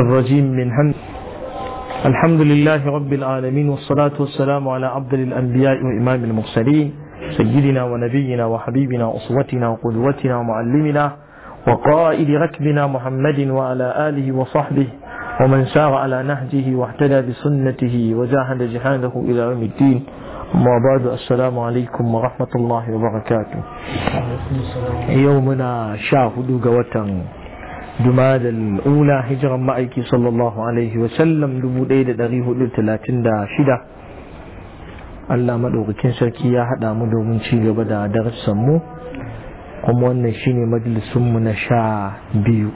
الرجيم من حمد الحمد لله رب العالمين والصلاة والسلام على عبد الأنبياء وإمام المرسلين سيدنا ونبينا وحبيبنا أصوتنا وقدوتنا ومعلمنا وقائد ركبنا محمد وعلى آله وصحبه ومن سار على نهجه واهتدى بسنته وجاهد جهاده إلى يوم الدين أما بعد السلام عليكم ورحمة الله وبركاته يومنا شاهدوا قوة جماد الأولى هجرا معك صلى الله ɗaya da لبودي دريه لتلاتين da shida. Allah maɗaukakin sarki ya haɗa mu domin ci gaba da darussan mu kuma wannan shine majalisun mu na sha biyu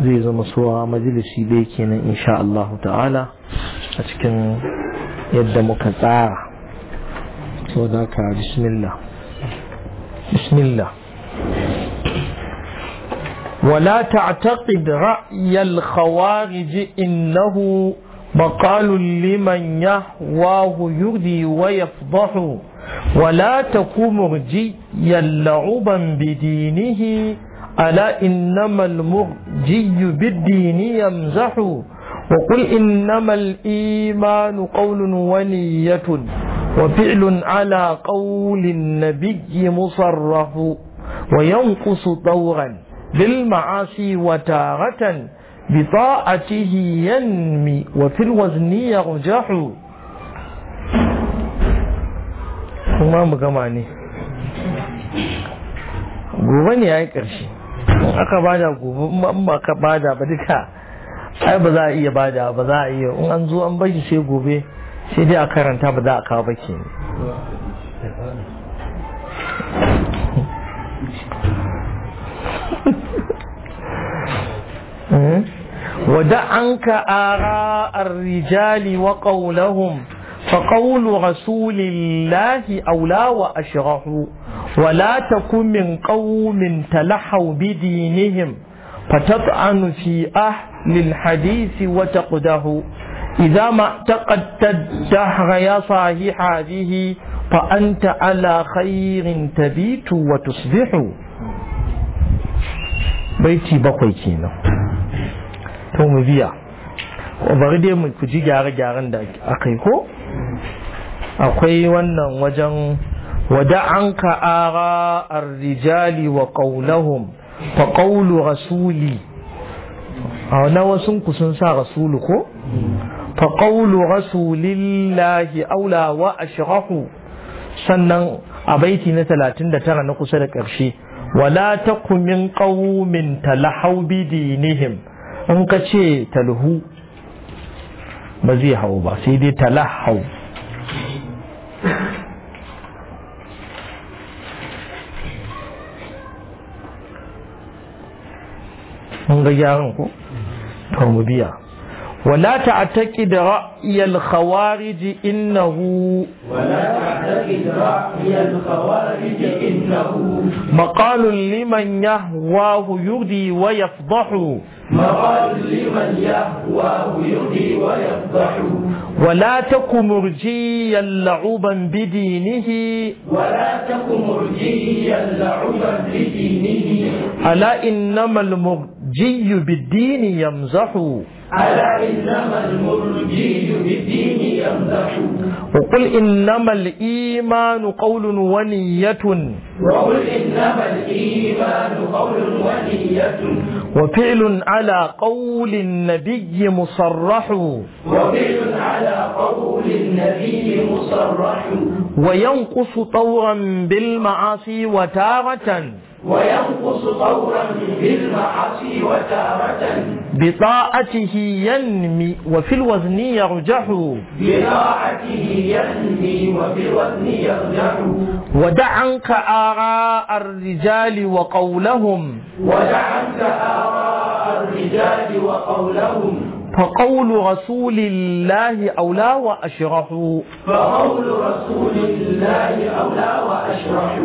zai zama suwa majalisi ɗaya kenan insha Allah ta'ala a cikin yadda muka tsara saboda ka bismillah ولا تعتقد رأي الخوارج إنه مقال لمن يهواه يردي ويفضح ولا تكو مرجيا لعبا بدينه ألا إنما المرجي بالدين يمزح وقل إنما الإيمان قول ونية وفعل على قول النبي مصرف وينقص طورا للمعاصي وتارة بطاعته ينمي وفي الوزن يرجح kuma mu gama ne gobe ne ya yi ƙarshe aka bada gobe in ba ka bada ba duka ai ba za a iya bada ba za a iya in an zo an baki sai gobe sai dai a karanta ba za a kawo baki ne ودع عنك آراء الرجال وقولهم فقول رسول الله أولى وأشرح ولا تكن من قوم تلحوا بدينهم فتطعن في أهل الحديث وتقده إذا ما اعتقدت الدهر يا صاحي هذه فأنت على خير تبيت وتصبح بيتي بقيتينا ko mu biya bari dai mu ku ji gyare-gyaren da aka yi ko akwai wannan wajen wada an ka'ara arrijali wa qaulahum fa qaulu rasuli a na wasu ku sun sa rasulu ko fa qaulu rasulillahi aula wa ashrahu sannan a baiti na 39 na kusa da ƙarshe wala takumin qawmin talahau bidinihim in ka ce talhu ba zai hau ba sai dai talahau mun ga gyaran ku to mu biya ولا تعتقد رأي الخوارج إنه ولا تعتقد رأي الخوارج إنه مقال لمن يهواه يردي ويفضح ولا تك مرجيا لعوبا بدينه ولا تك مرجيا لعوبا بدينه ألا إنما المرجي بالدين يمزح ألا إنما المرجي بالدين يمدح وقل إنما الإيمان قول ونية وقل إنما الإيمان قول ونية وفعل على قول النبي مصرح وفعل على قول النبي مصرح وينقص طورا بالمعاصي وتارة وينقص طورا بالمعصي وتارة بطاعته ينمي وفي الوزن يرجح بطاعته ينمي وفي الوزن يرجح ودع عنك آراء الرجال وقولهم ودع عنك آراء الرجال وقولهم فقول رسول الله أولى وأشرح فقول رسول الله أولى وأشرح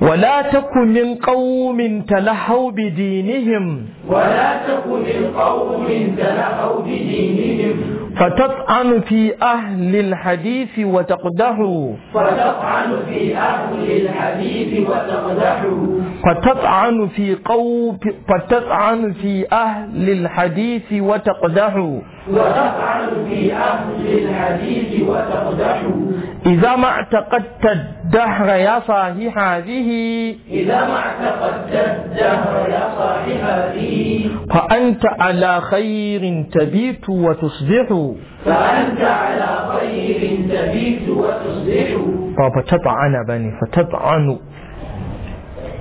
ولا تكن من قوم تلهوا بدينهم ولا تكن القوم تنحوا بدينهم فتطعن في أهل الحديث وتقدحوا فتطعن في أهل الحديث وتقدحوا فتطعن في قوم فتطعن في أهل الحديث وتقدحوا وتطعن في أهل الحديث وتقدح إذا ما اعتقدت الدهر يا صاحي هذه إذا ما اعتقدت الدهر يا صاحي هذه فأنت على خير تبيت وتصبح فأنت على خير تبيت وتصبح فتطعن بني فتطعن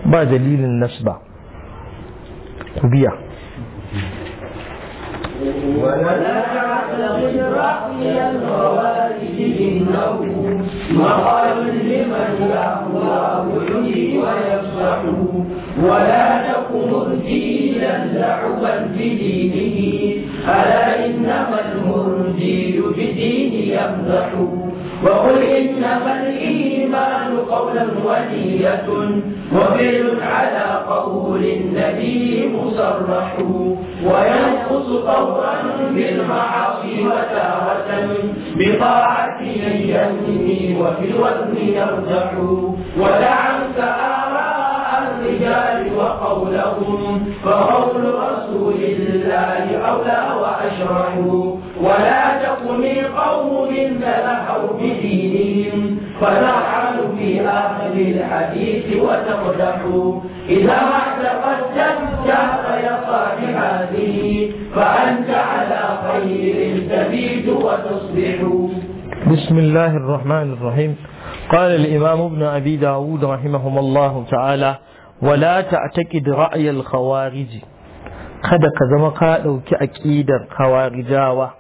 ما دليل النسبة كبيرة ولا تعتقد رأي الخوارج إنه مقال لمن يأخذ يحيي ويفصح ولا تكن دينا لعبا بدينه ألا إنما المرجي بدين يمدح وقل إنما الإيمان قولا ونية وفعل على قول النبي مصرح وينقص قولا بالمعاصي وتارة بطاعة ينمي وفي الوزن يرجح ودعا سآل الرجال وقولهم فقول رسول الله أولى وأشرح ولا تكن القوم تلهوا بدينهم فتحل في آخر الحديث وتقدحوا إذا اعتقدت يا صاحب هذه فأنت على خير تبيت وتصبح بسم الله الرحمن الرحيم قال الإمام ابن أبي داود رحمه الله تعالى wala ta'taqid ra'y al-khawarij kada ka zama ka dauki aqidar khawarijawa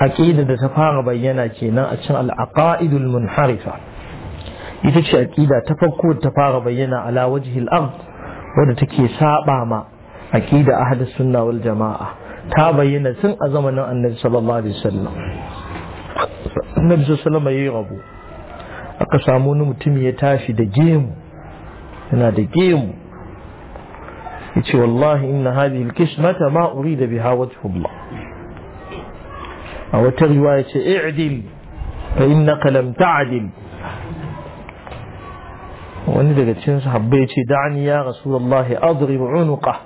aqida da ta fara bayyana kenan a cikin al-aqaidul munharifa ita ce aqida ta farko da ta fara bayyana ala wajhi al-ard wadda take saba ma aqida ahlus sunna wal jamaa ta bayyana tun a zamanin annabi sallallahu alaihi wasallam annabi sallallahu alaihi wasallam yayi rabu aka samu wani mutum ya tashi da gemu ناديكيم والله إن هذه الكشمة ما أريد بها وجه الله أو ترواية اعدل فإنك لم تعدل وندق تشنس حبيتي دعني يا رسول الله أضرب عنقه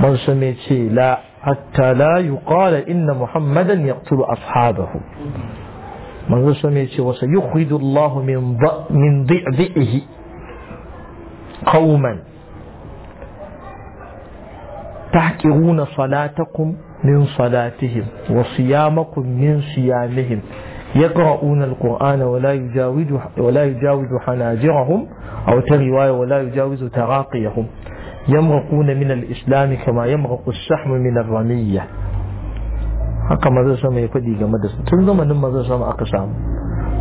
من سميتي لا حتى لا يقال إن محمدا يقتل أصحابه من سميتي وسيخرج الله من ضئ من ضئه ضي من ضيه قوما تحقرون صلاتكم من صلاتهم وصيامكم من صيامهم يقرؤون القرآن ولا يجاوز ولا يجاوز حناجرهم أو ترواية ولا يجاوز تراقيهم يمرقون من الإسلام كما يمرق السحم من الرمية haka ما ذا ya يفدي كما ذا su tun zamanin maza sama aka samu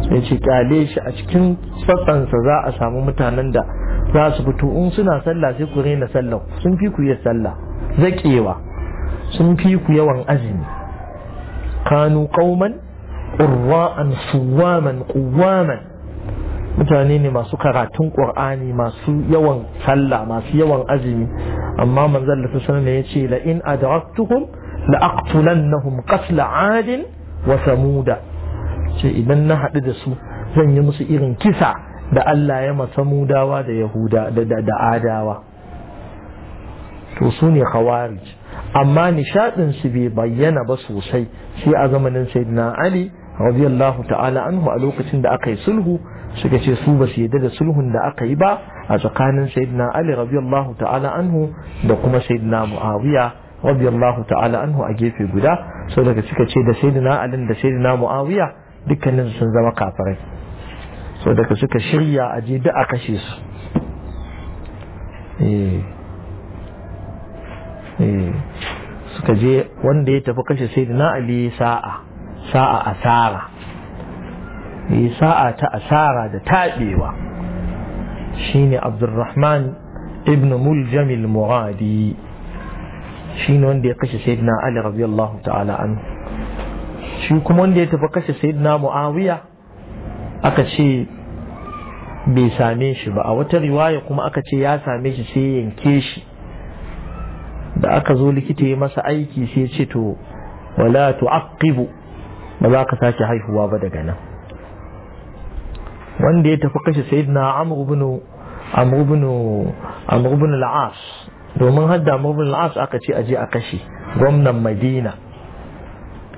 sai ce kyale shi a cikin sassansa za su fito in suna sallah sai ku raina sallah sun fi ku yi sallah zakewa sun fi ku yawan azumi kanu qauman qurra'an suwaman quwaman mutane ne masu karatun qur'ani masu yawan sallah masu yawan azumi amma manzon Allah sallallahu alaihi yace la in adraktuhum la aqtulannahum qatla 'adin wa samuda Sai idan na haɗu da su zan yi musu irin kisa da Allah ya masa mudawa da yahuda da adawa to su ne khawarij amma nishadin su bai bayyana ba sosai sai a zamanin sayyidina ali radiyallahu ta'ala anhu a lokacin da aka yi sulhu suka ce su ba su da sulhun da aka yi ba a tsakanin sayyidina ali radiyallahu ta'ala anhu da kuma sayyidina muawiya radiyallahu ta'ala anhu a gefe guda sau daga suka ce da sayyidina ali da sayyidina muawiya dukkanin sun zama kafirai so daga suka shirya a je a kashe su eh. Eh. suka je wanda ya tafi kashe sai na ali sa'a sa'a asara eh, sa'a ta asara da taɓewa shine abdurrahman ibn Muljamil al-muradi shine wanda ya kashe sayyidina ali radiyallahu ta'ala an shi kuma wanda ya tafi kashe sayyidina muawiya aka ce bai same shi ba a wata riwaya kuma aka ce ya same shi sai yanke shi da aka zo likita ya masa aiki sai ce to wala tu'aqibu ba za ka sake haihuwa ba daga nan wanda ya tafi kashe sayyidina amr ibn amr domin hadda amr ibn aka ce aje a kashe gwamnan madina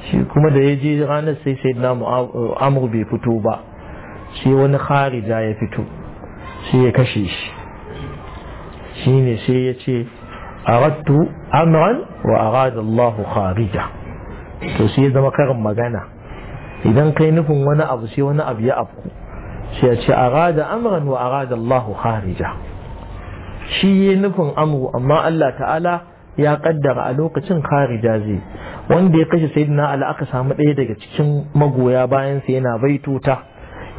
shi kuma da ya je ranar sai sayyidina amr bai fito ba sai wani kharija ya fito sai ya kashe shi Shi ne sai ya ce ratu, amran wa arada Allah kharija to sai ya zama karin magana idan kai nufin wani abu sai wani abu ya afku sai ya ce arada amran wa arada Allah kharija shi ya nufin amru amma Allah ta'ala ya kaddara a lokacin kharija zai wanda ya kashe sayyidina al'aka aka samu ɗaya daga cikin magoya bayan sa yana tuta.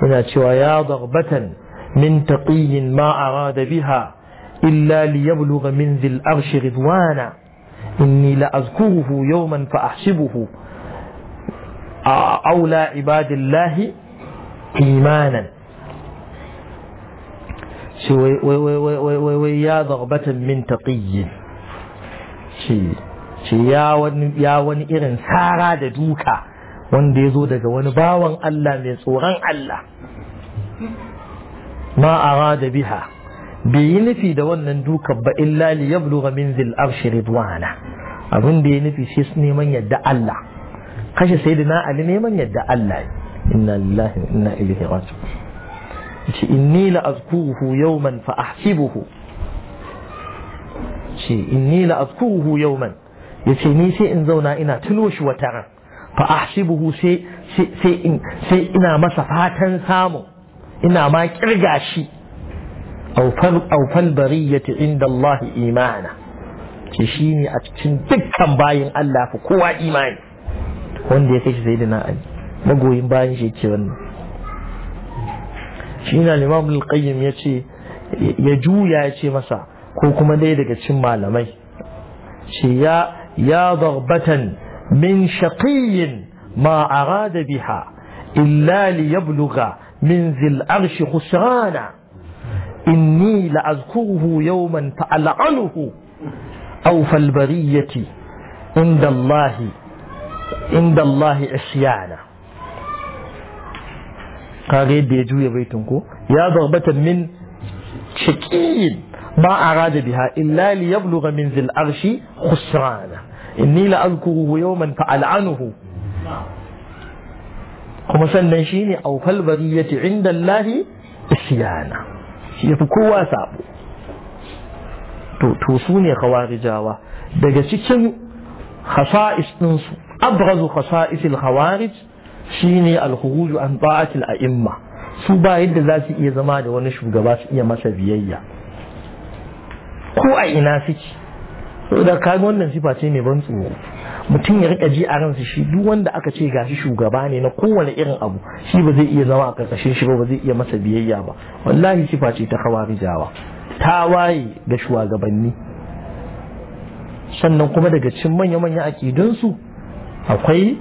هنا شوى يا ضغبة من تقي ما أراد بها إلا ليبلغ من ذي الأرش رضوانا إني لأذكره يوما فأحسبه أولى عباد الله إيمانا ويا ضغبة من تقي شي يا ون إرن سارة دوكا wanda ya zo daga wani bawan Allah mai tsoron Allah ma arada biha bai yi nufi da wannan dukan ba illa li yablugha min zil arshi ridwana abin da ya nufi shi neman yadda Allah kashe sayyidina Ali neman yadda Allah inna lillahi wa inna ilaihi raji'un ce inni la azkuruhu yawman fa ahsibuhu ce inni la azkuruhu yawman yace ni sai in zauna ina tuno shi wata ran fa ahsibuhu sai sai sai ina masa fatan samu ina ma kirga shi ya bariyati inda Allah imana ke shi ne a cikin dukkan bayin Allah fa kowa imani wanda ya kai shi sayyidina Ali magoyin bayan shi ke wannan shi na Imam al ya ya juya ya ce masa ko kuma dai daga cikin malamai ce ya ya من شقي ما أراد بها إلا ليبلغ من ذي العرش خسرانا إني لأذكره يوما فألعنه أو فالبرية عند الله عند الله عصيانا قال يد بيتنكو يا ضربة من شقي ما أراد بها إلا ليبلغ من ذي العرش خسرانا inni la yawman fa al'anuhu kuma sannan shine awfal bariyati inda Allah isyana shi yafi kowa sabo to to su ne khawarijawa daga cikin khasa'is din su abrazu khasa'is al-khawarij shine al-khuruj an ta'at al-a'imma su ba yadda za su iya zama da wani shugaba su iya masa biyayya ko a ina suke saboda kaga wannan sifa ce mai ban tsoro mutum ya rika ji a ransa shi duk wanda aka ce gashi shugaba ne na kowane irin abu shi ba zai iya zama a karkashin shi ba ba zai iya masa biyayya ba wallahi sifa ce ta kawarijawa ta waye ga shugabanni sannan kuma daga cikin manya-manya akidunsu akwai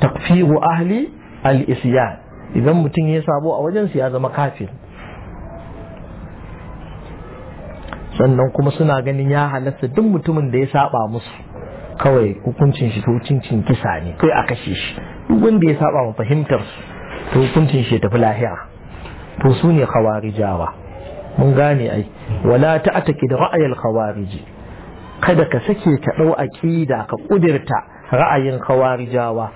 takfiru ahli al-isyan idan mutum ya sabo a wajen su ya zama kafin. sannan kuma suna ganin ya halatta duk mutumin da ya saba musu kawai hukuncin shi to hukuncin kisa ne kai a kashe shi duk wanda ya saba ma fahimtar su to hukuncin shi ya tafi lahira to su ne khawarijawa mun gane ai wala ta'taqid ra'ayal khawariji kada ka sake ka dau aqida ka kudirta ra'ayin khawarijawa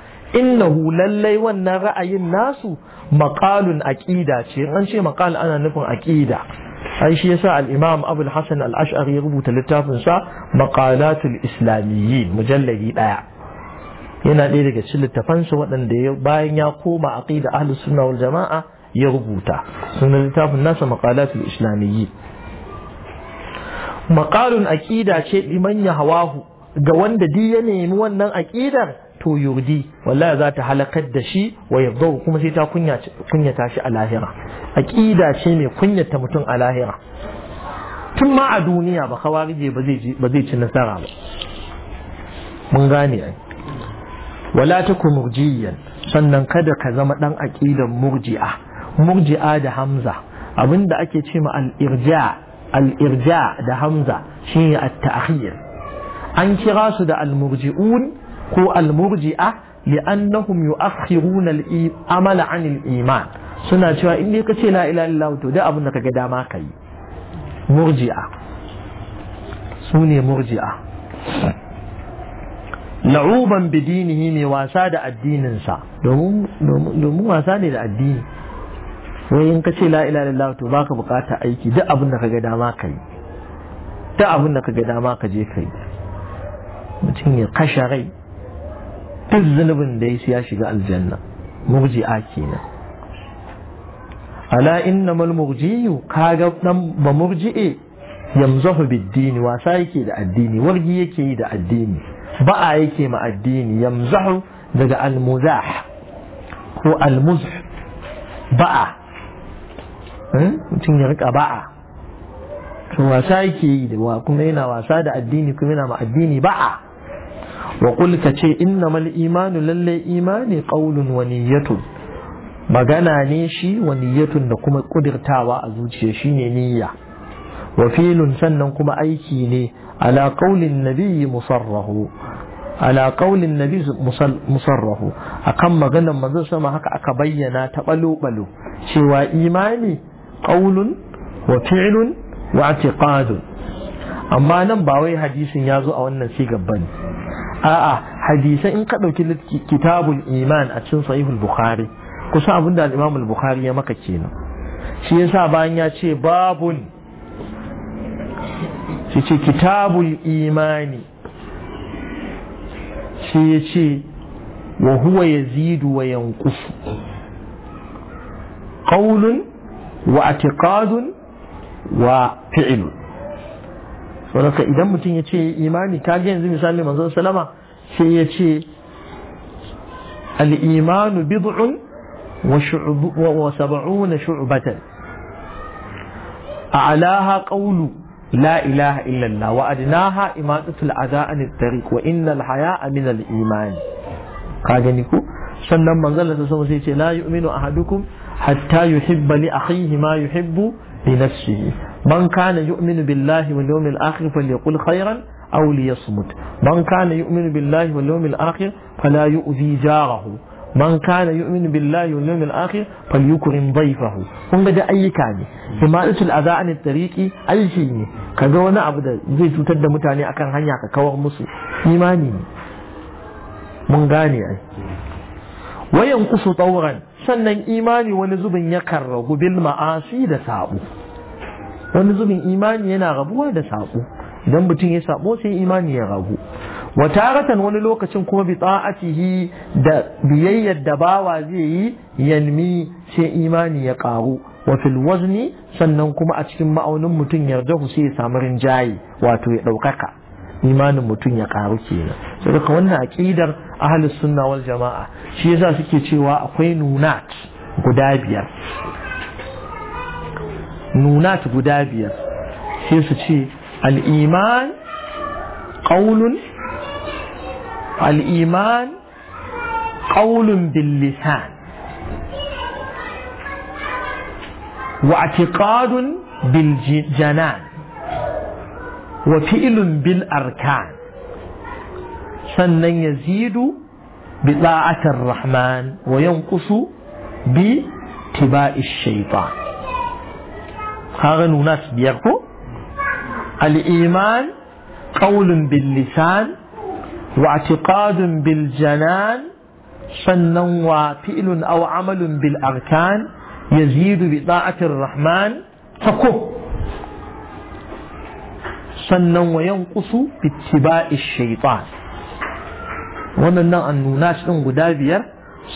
innahu lallai wannan ra'ayin nasu maqalun aqida ce an ce maqal ana nufin aqida ai shi yasa al-imam al hasan al-ash'ari ya rubuta littafin sa maqalatul islamiyyin mujallali daya yana ɗaya daga cikin littafan sa waɗanda bayan ya koma aqida ahlus sunna wal jama'a ya rubuta sunan littafin nasa maqalatul islamiyyin maqalun aqida ce liman hawahu ga wanda di ya nemi wannan aqidar to yurdi wallahi za ta halakar da shi wa yabdau kuma sai ta kunyata shi a lahira aqida ce mai kunyata mutum a lahira tun ma a duniya ba kawarije ba zai ci nasara ba mun gane ai wala ta ku murjiyan sannan kada ka zama dan aqidan murji'a murji'a da hamza abinda ake ce ma al-irja al-irja da hamza shine at-ta'khir an kira su da al-murji'un ko al-murji'a li'annahum yu'akhiruna al-amal 'an al-iman suna cewa in dai kace la ilaha illallah to da abin da kaga dama kai murji'a sune murji'a la'uban bidinihi ne wasa da addininsa domin wasa ne da addini wai in ka ce la ilaha illallah to baka bukata aiki da abin da kaga dama kai da abin da kaga dama ka je kai mutum ya kashe rai duk zunubin da ya shiga aljanna murji'a kenan ala innamal murji'u kaga dan ba murji'e yamzahu bid-dini wasa yake da addini wargi yake yi da addini ba'a yake ma addini yamzahu daga al-muzah ko al-muzh ba'a hmm? mutum ya rika ba'a to wasa yake yi da kuma yana wasa da addini kuma yana ma addini ba'a wa qul ka ce innamal imanu lallai imani qaulun wa niyyatun magana ne shi waniyyatun da kuma ƙudirtawa a zuciya shine niyya wa filun sannan kuma aiki ne ala qaulin nabiyyi musarrahu ala qaulin nabi musarrahu akan maganar manzo sama haka aka bayyana ta balo balo cewa imani qaulun wa fi'lun wa i'tiqadun amma nan ba wai hadisin ya zo a wannan shi bane a'a hadisai in ka ɗauki kitabul iman a cikin sahihul bukhari kusa abin da al-imam al-bukhari ya maka kenan shi yasa bayan ya ce babun shi ce kitabul imani shi ya ce wa huwa yazidu wa yanqusu qawlun wa atiqadun wa fi'lun saboda idan mutum ya ce imani ka ga yanzu misali manzon salama sai ya ce al-imanu bid'un wa shu'bu wa sab'una shu'batan a'laha qawlu la ilaha illa Allah wa adnaha imatatul adha an tariq wa innal haya'a min al-iman ka gani ku sannan manzon Allah sai ya ce la yu'minu ahadukum hatta yuhibba li akhihi ma yuhibbu li nafsihi من كان يؤمن بالله واليوم الآخر فليقل خيرا أو ليصمت من كان يؤمن بالله واليوم الآخر فلا يؤذي جاره من كان يؤمن بالله واليوم الآخر فليكرم ضيفه هم بدأ أي كان حماية الأذى عن الطريق أي شيء كذا أبدا زي تتدى متاني أكان هنياك كوار مصر إيماني من غاني أي وينقص طورا سنن إيماني ونزبن يكره بالمعاصي ده wani zubin imani yana rabuwa da sako idan mutum ya sako sai imani ya ragu. wa taratan wani lokacin kuma bi ta'atihi da biyayyar da bawa zai yi yanmi sai imani ya karu wa fil sannan kuma a cikin ma'aunin mutum ya jahu sai ya samu rinjaye wato ya ɗaukaka imanin mutum ya karu kenan saboda wannan aqidar ahlus sunna wal jama'a shi yasa suke cewa akwai nunat guda biyar نونات guda biyar sai su ce al'iman ƙaunun al'iman واعتقاد بالجنان وفعل بالأركان سنن يزيد بطاعة الرحمن وينقص باتباع الشيطان كارن وناس بيرقو الإيمان قول باللسان واعتقاد بالجنان سنا وفعل أو عمل بالأركان يزيد بطاعة الرحمن فكو سنا وينقص باتباع الشيطان ومن أن الناس من غدابير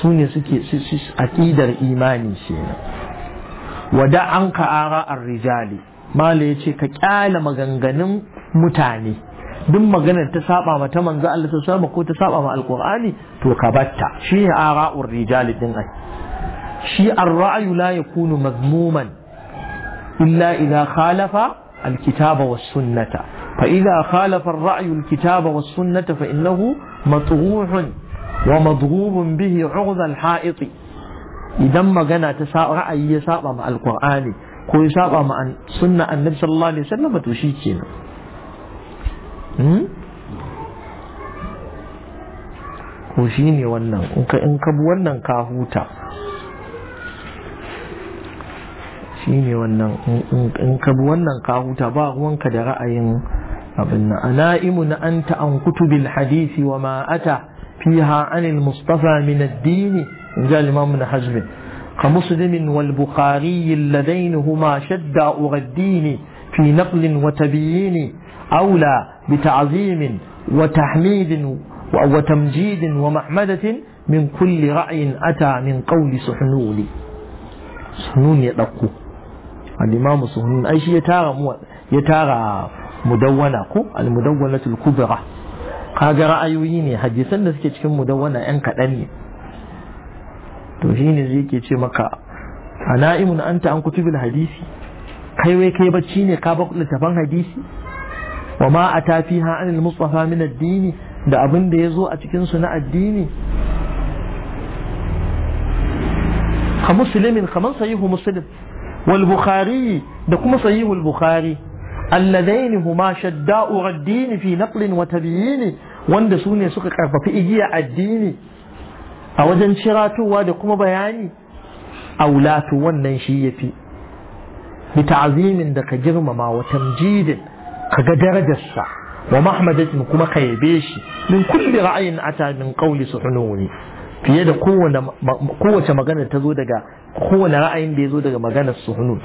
سوني سكي سكي سكي سكي ودع عنك آراء الرجال ما ليش كأعلى مجنن متعني دم مجنن تسابع ما تمن ذا الله سبحانه كوت تسابع ما القرآن توكبتها شيء آراء الرجال دنعي شيء الرأي لا يكون مذموما إلا إذا خالف الكتاب والسنة فإذا خالف الرأي الكتاب والسنة فإنه مطروح ومضروب به عرض الحائط idan magana ta ra'ayi ya saba ma alqur'ani ko ya saba ma sunna annabi sallallahu alaihi wasallam to shikenan hmm? ko shi ne wannan in ka bi wannan ka huta shi ne wannan in ka bi wannan ka huta ba ruwanka da ra'ayin abin nan ana'imu na anta an kutubil hadisi wa ma ata fiha anil mustafa min ad-dini جاء الإمام ابن حزم كمسلم والبخاري اللذين هما شدا أغدين في نقل وتبيين أولى بتعظيم وتحميد وتمجيد ومحمدة من كل رأي أتى من قول سحنولي سحنون يدقو الإمام سحنون أي شيء يتارى يتارى مدونة المدونة الكبرى هذا رأيويني ne hadisan da مدونة أنك أني to shine zai ke ce maka a na'imun an ta an kutu bil hadisi kai wai kai bacci ne ka ba littafan hadisi wa ma ata fiha anil mustafa min addini da abin da ya zo a cikin su na addini ka muslimin kamar sahihu muslim wal bukhari da kuma sahihu al bukhari alladain huma shadda'u ad-din fi naqlin wa tabyin wanda sune suka karfafi igiya addini a wajen ciratowa da kuma bayani aulatu wannan shi ya fi bi ta'azimin da ka girmama wa tamjidin ka ga darajarsa wa mahmadatin kuma ka yabe shi min kulli ra'ayin ata min qawli suhununi fiye da kowace magana ta zo daga kowane ra'ayin da ya zo daga maganar suhunun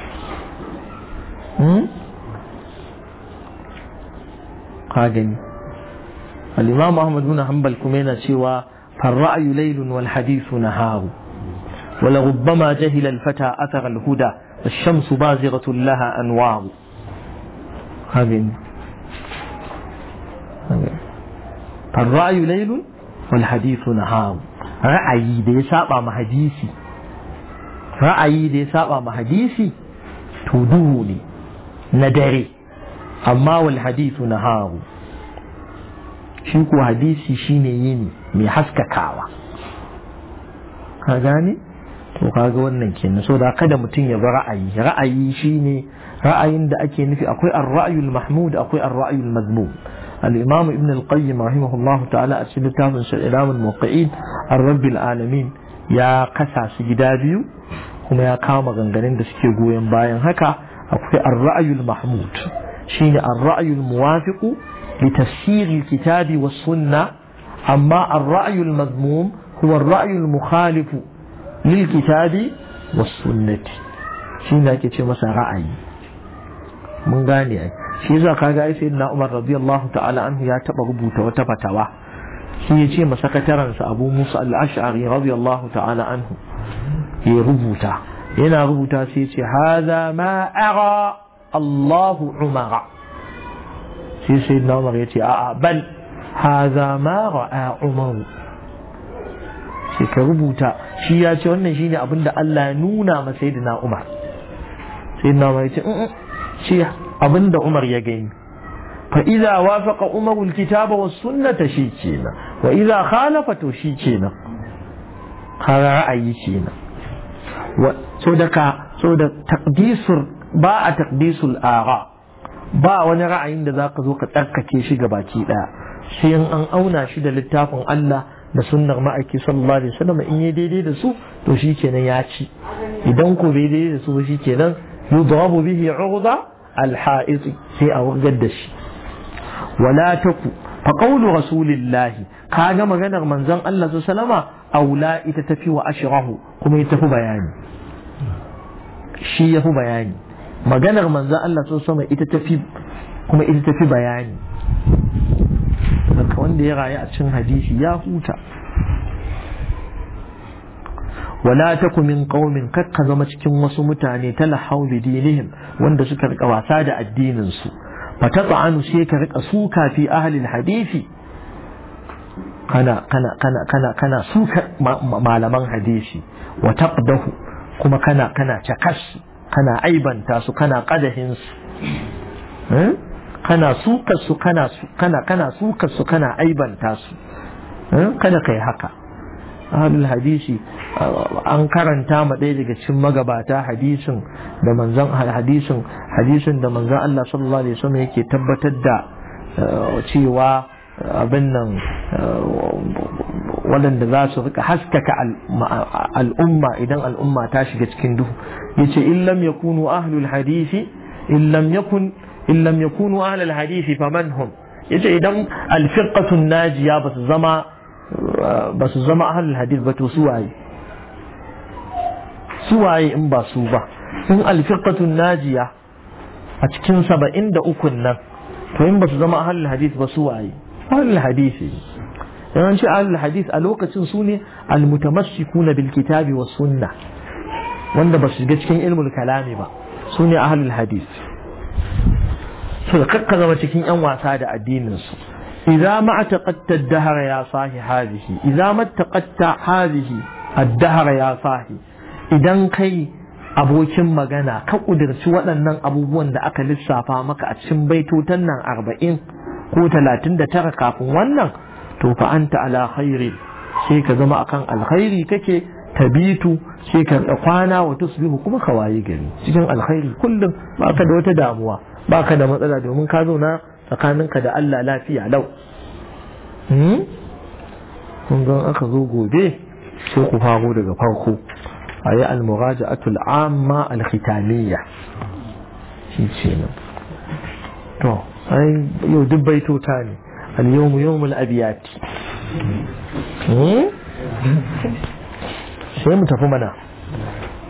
hmm? ka gani al-imam ahmad bin hanbal kuma yana cewa فالرأي ليل والحديث نهار ولربما جهل الفتى أثر الهدى الشمس بازغة لها أنوار فالرأي ليل والحديث نهار رأي دي سابع مع رأي دي سابع مع تدوني ندري أما والحديث نهار شنكو حديثي شيني يني mai haskakawa ka gane to kaga wannan kenan so da kada mutum ya bi ra'ayi ra'ayi shine ra'ayin da ake nufi akwai ar-ra'yul mahmud akwai ar-ra'yul mazmum al-imam ibn al-qayyim rahimahullah ta'ala a cikin littafin sa ilamul muqeed ar-rabbil alamin ya kasa su gida biyu kuma ya kama ganganin da suke goyon bayan haka akwai ar-ra'yul mahmud shine ar-ra'yul muwafiqu li tafsir al-kitabi was-sunnah أما الرأي المذموم هو الرأي المخالف للكتاب والسنة سينا كتير مسا رأي من غاني شيزا كاغا سيدنا عمر رضي الله تعالى عنه يا تبغبوت وتبتوا شي يجي مسكترا أبو موسى الأشعري رضي الله تعالى عنه يغبوتا هنا غبوتا سيتي هذا ما أرى الله عمر سيدنا عمر يتي بل haza ma ra'a umaru sai ka rubuta shi ya ce wannan shine abin da Allah ya nuna ma sayyidina Umar sayyidina Umar ya ce shi abin da Umar ya gani fa idza wafaqa Umaru, kitaba was sunnata shi kenan wa idza khalafa to shi kenan kaga ra'ayi kenan so da ka so da taqdisur ba a taqdisul ara ba wani ra'ayin da zaka zo ka tsarkake shi gabaki daya sai in an auna shi da littafin Allah da sunnar ma'aiki sallallahu alaihi wasallam in yi daidai da su to shikenan ya ci idan ko bai daidai da su ba shikenan yudrabu bihi urda alha'iz sai a wurgar da shi wala taku fa qawlu rasulillahi kaga maganar manzon Allah sallallahu alaihi wasallam aula ita tafi wa ashrahu kuma ita tafi bayani shi yafi bayani maganar manzon Allah sallallahu alaihi wasallam ita tafi kuma ita tafi bayani wanda ya rayu a cikin hadisi ya huta wala taku min qaumin kakka zama cikin wasu mutane ta bi dinihim wanda suka rika wasa da addinin su fatata'anu sai ka rika suka fi ahli hadisi kana kana kana kana kana suka malaman hadisi wa taqdahu kuma kana kana cakas kana aibanta su kana qadahin su eh? kana sukar su kana kana kana sukar su kana aibanta su eh, kada kai haka ahlul hadisi an karanta ma ɗaya daga cikin magabata hadisin da manzon hadisin hadisin da manzon Allah sallallahu alaihi wasallam yake tabbatar da eh, cewa abin nan eh, waɗanda za su rika haskaka al'umma idan al'umma ta shiga cikin duhu yace illam yakunu ahlul hadisi illam yakun إن لم يكونوا أهل الحديث فمن هم؟ يجي إذا الفرقة الناجية بس زما بس زما أهل الحديث بتو سواي سواي إن بسوبا إن الفرقة الناجية أتكن سبا إن دا أكلنا فإن بس زما أهل الحديث بسواي أهل الحديث يعني شو أهل الحديث ألوكة سوني المتمسكون بالكتاب والسنة وإن بس جتكن علم الكلام با سوني أهل الحديث so kakka zama cikin yan wasa da addinin su idza ma taqatta ad-dahr ya sahi hadhihi idza ma taqatta hadhihi ad-dahr ya sahi idan kai abokin magana ka kudirci waɗannan abubuwan da aka lissafa maka a cikin baitotan nan arba'in ko talatin da tara kafin wannan to fa anta ala khairi sai ka zama akan alkhairi kake tabitu sai ka kwana wa tusbihu kuma ka waye gari cikin alkhairi kullum ba ka da wata damuwa baka da matsala domin ka zauna tsakaninka da Allah lafiya lau hmm? kun gan aka zo gobe sai ku faru daga farko a yi atul amma alkhitaniya shi ce nan to ai yau duk baitota ne al-yawmu yawmul abiyati hmm? sai mu tafi mana